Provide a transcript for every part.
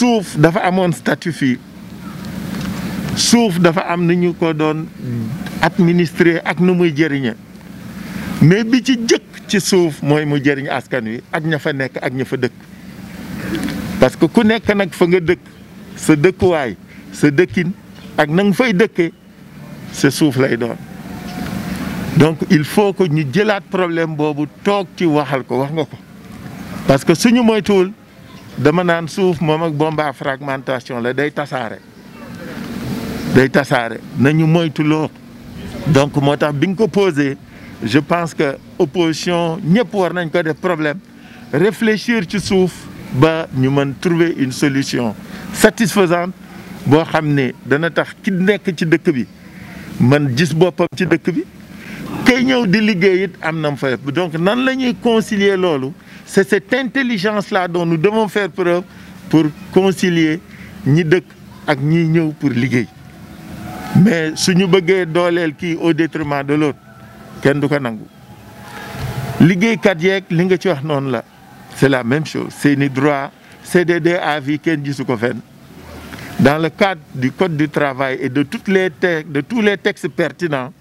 suuf dafa amoon statut fii suuf dafa am nu ñu ko doon administrer ak nu muy jëriñe mais bi ci jëkk ci suuf mooy mu jëriñ askan wi ak ña fa nekk ak ña fa dëkk parce que ku nekk nag fa nga dëkk sa dëkkuwaay sa dëkkin ak na fay dëkkee sa suuf lay doon donc il faut ko ñu jëlaat problème boobu toog ci waxal ko wax nga ko parce que suñu moytuwul dama naan suuf moom ak bomba fragmentation la day tasaare day tasaare nañu moytu loo donc moo tax bi nga ko posé je pense que opposition ñëpp war nañ ko def problème réfléchir ci suuf ba ñu mën trouver une solution satisfaisante boo xam ne dana tax ki nekk ci dëkk bi man gis boppam ci dëkk bi kay ñëw di liggéeyit am na mu fa donc nan la ñuy concilier loolu c'est cette intelligence-là dont nous devons faire preuve pour concilier ñi dëkk ak ñiy ñëw pour liggéey mais suñu bëggee dooleel kii au détriment de l'autre kenn du ko nangu liggéeykat yeeg li nga ci wax noonu la c'est la même chose seeni droit CDD à vi kenn gisu ko fenn dans le cadre du code du travail et de toutes les de tous les textes pertinents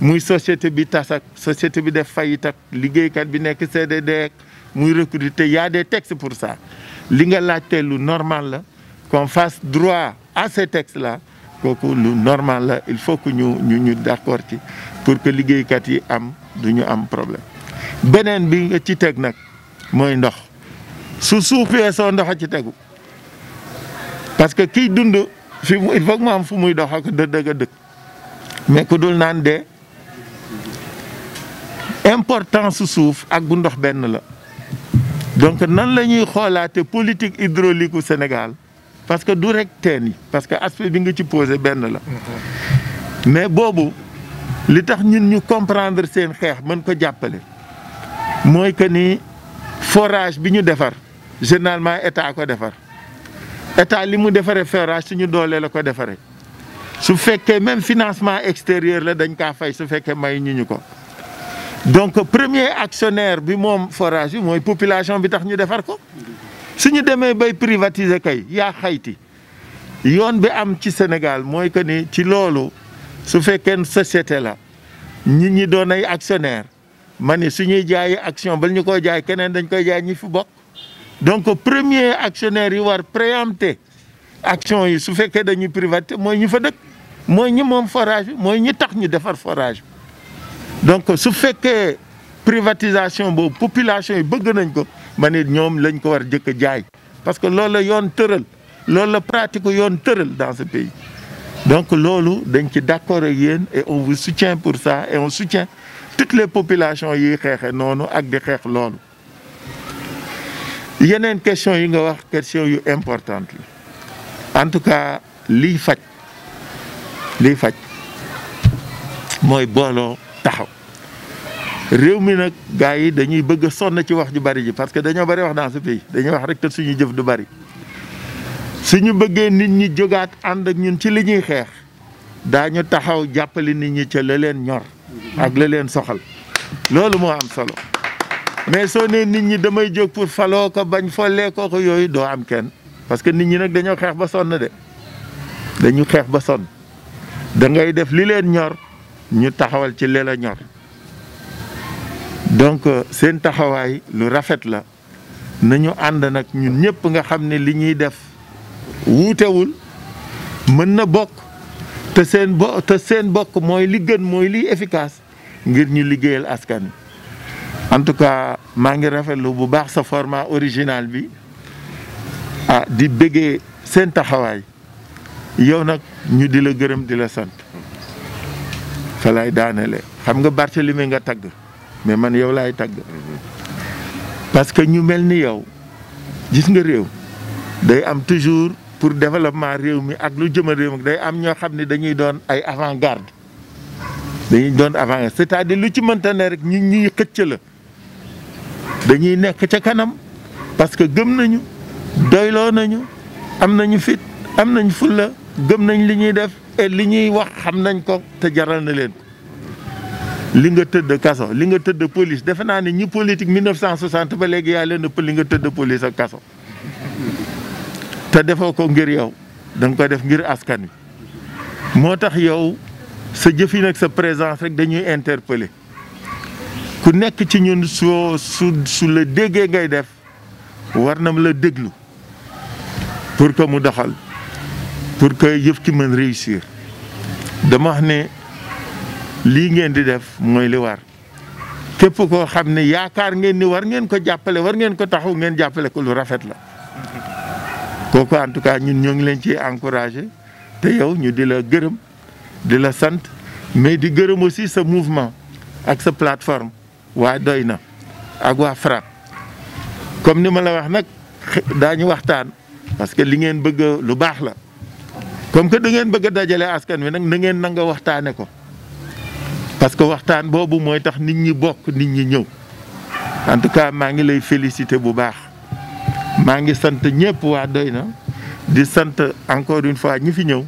muy société bi tas ak société bi def faillite ak liggéeykat bi nekk CDD muy recruter y a des textes pour ça li nga laajte lu normal la qu'on fas droit à ces textes là kooku lu normal la il faut que ñu ñu ñu d'accord ci pour que liggéeykat yi am du ñu am problème beneen bi nga ci teg nag mooy ndox su suufee soo ndox a ci tegu parce que kiy dund fi mu il am fu muy dox ak dëgg a dëkk mais ku dul naan de important su suuf ak bu ndox benn la donc nan la ñuy xoolaate politique hydraulique u Sénégal parce que du rek teen yi parce que aspect bi nga ci posé benn la mais boobu li tax ñun ñu comprendre seen xeex mën ko jàppale mooy que ni forage bi ñu defar généralement état ko defar état li mu defaree forage suñu doolee la ko defaree su fekkee même financement extérieur la dañ kaa fay su fekkee may ñu ñu ko donc premier actionnaire bi moom forage bi mooy population bi tax ñu defar ko su ñu demee bay privatiser kay yaa xayti yoon bi am ci Sénégal mooy que ni ci loolu su fekkee société la ñi ñi doon ay actionnaire ma ni su ñuy jaayee action bal ñu koy jaay keneen dañ koy jaay ñi fi bokk donc premier actionnaire yi war préempter action yi su fekkee dañuy privatiser mooy ñu fa dëkk mooy ñu moom forage bi mooy ñu tax ñu defar forage donc su fekkee privatisation boobu population yi bëgg nañ ko ma ne ñoom lañ ko war jëkk jaay parce que loolu la yoon tëral loolu la pratique yoon tëral dans ce pays donc loolu dañ ci d'accord ak yéen et on vous soutient pour ça et on soutient toutes les populations yiy xeexe noonu ak di xeex loolu yeneen question yi nga wax question yu important la en tout cas liy faj li faj mooy booloo taxaw réew mi nag gars yi dañuy bëgg sonn ci wax ju bari ji parce que dañoo bari wax naa ce pays dañuy wax rek te suñu jëf du bari suñu bëggee nit ñi jógaat ànd ak ñun ci li ñuy xeex daañu taxaw jàppale nit ñi ca la leen ñor ak la leen soxal loolu moo am solo mais soo nee nit ñi damay jóg pour faloo ko bañ follee ko ko yooyu doo am kenn parce que nit ñi nag dañoo xeex ba sonn de dañu xeex ba sonn da ngay def li leen ñor. ñu taxawal ci lela ñor donc euh, seen taxawaay lu rafet la nañu ànd nag ñun ñëpp nga xam ne li ñuy def wuutewul mën na bokk te seen bo bokk mooy li gën mooy li efficace ngir ñu liggéeyal askan en tout cas maa ngi rafetlu bu baax sa format original bi ah di bëggee seen taxawaay yow nag ñu di la gërëm di la sant fa daaneele daanale xam nga Barthélemy nga tagg mais man yow laay tagg parce que ñu mel ni yow gis nga réew day am toujours pour développement réew mi ak lu jëma réew mi day am ñoo xam ne dañuy doon ay avant-garde dañuy doon avant-garde c'est-à-dire lu ci mënta ne rek ñi ñuy xëcc la dañuy nekk ca kanam parce que gëm nañu doyloo nañu am nañu fit am nañ fulla gëm nañ li ñuy def Eh, li ñuy wax xam nañ ko te jaral na leen li nga tëdd kaso li nga tëdd police defe naa ne ñu politique 1960 ba léegi yaa leen ëpp li nga tëdd police ak kaso te defoo ko ngir yow danga nga ko def ngir askan wi moo tax yow sa jëfin ak sa présence rek dañuy interpeller ku nekk ci ñun soo su su la déggee ngay def war na la déglu pour que mu doxal. pour que yëf ci mën réussir dama wax ne lii ngeen di def mooy li war képp koo xam ne yaakaar ngeen ni war ngeen ko jàppale war ngeen ko taxaw ngeen jàppale ko lu rafet la kooku en tout cas ñun ñoo ngi leen ci encouragé te yow ñu di la gërëm di la sant mais di gërëm aussi sa mouvement ak sa plateforme waa doy na ak waa FRAPP comme ni ma la wax nag daañu waxtaan parce que li ngeen bëgg lu baax la comme que da ngeen bëgg dajale askan wi nag na ngeen nanga waxtaane ko parce que waxtaan boobu mooy tax nit ñi bokk nit ñi ñëw en tout cas maa ngi lay félicité bu baax maa ngi sant ñëpp waa doy na di sant encore une fois ñi fi ñëw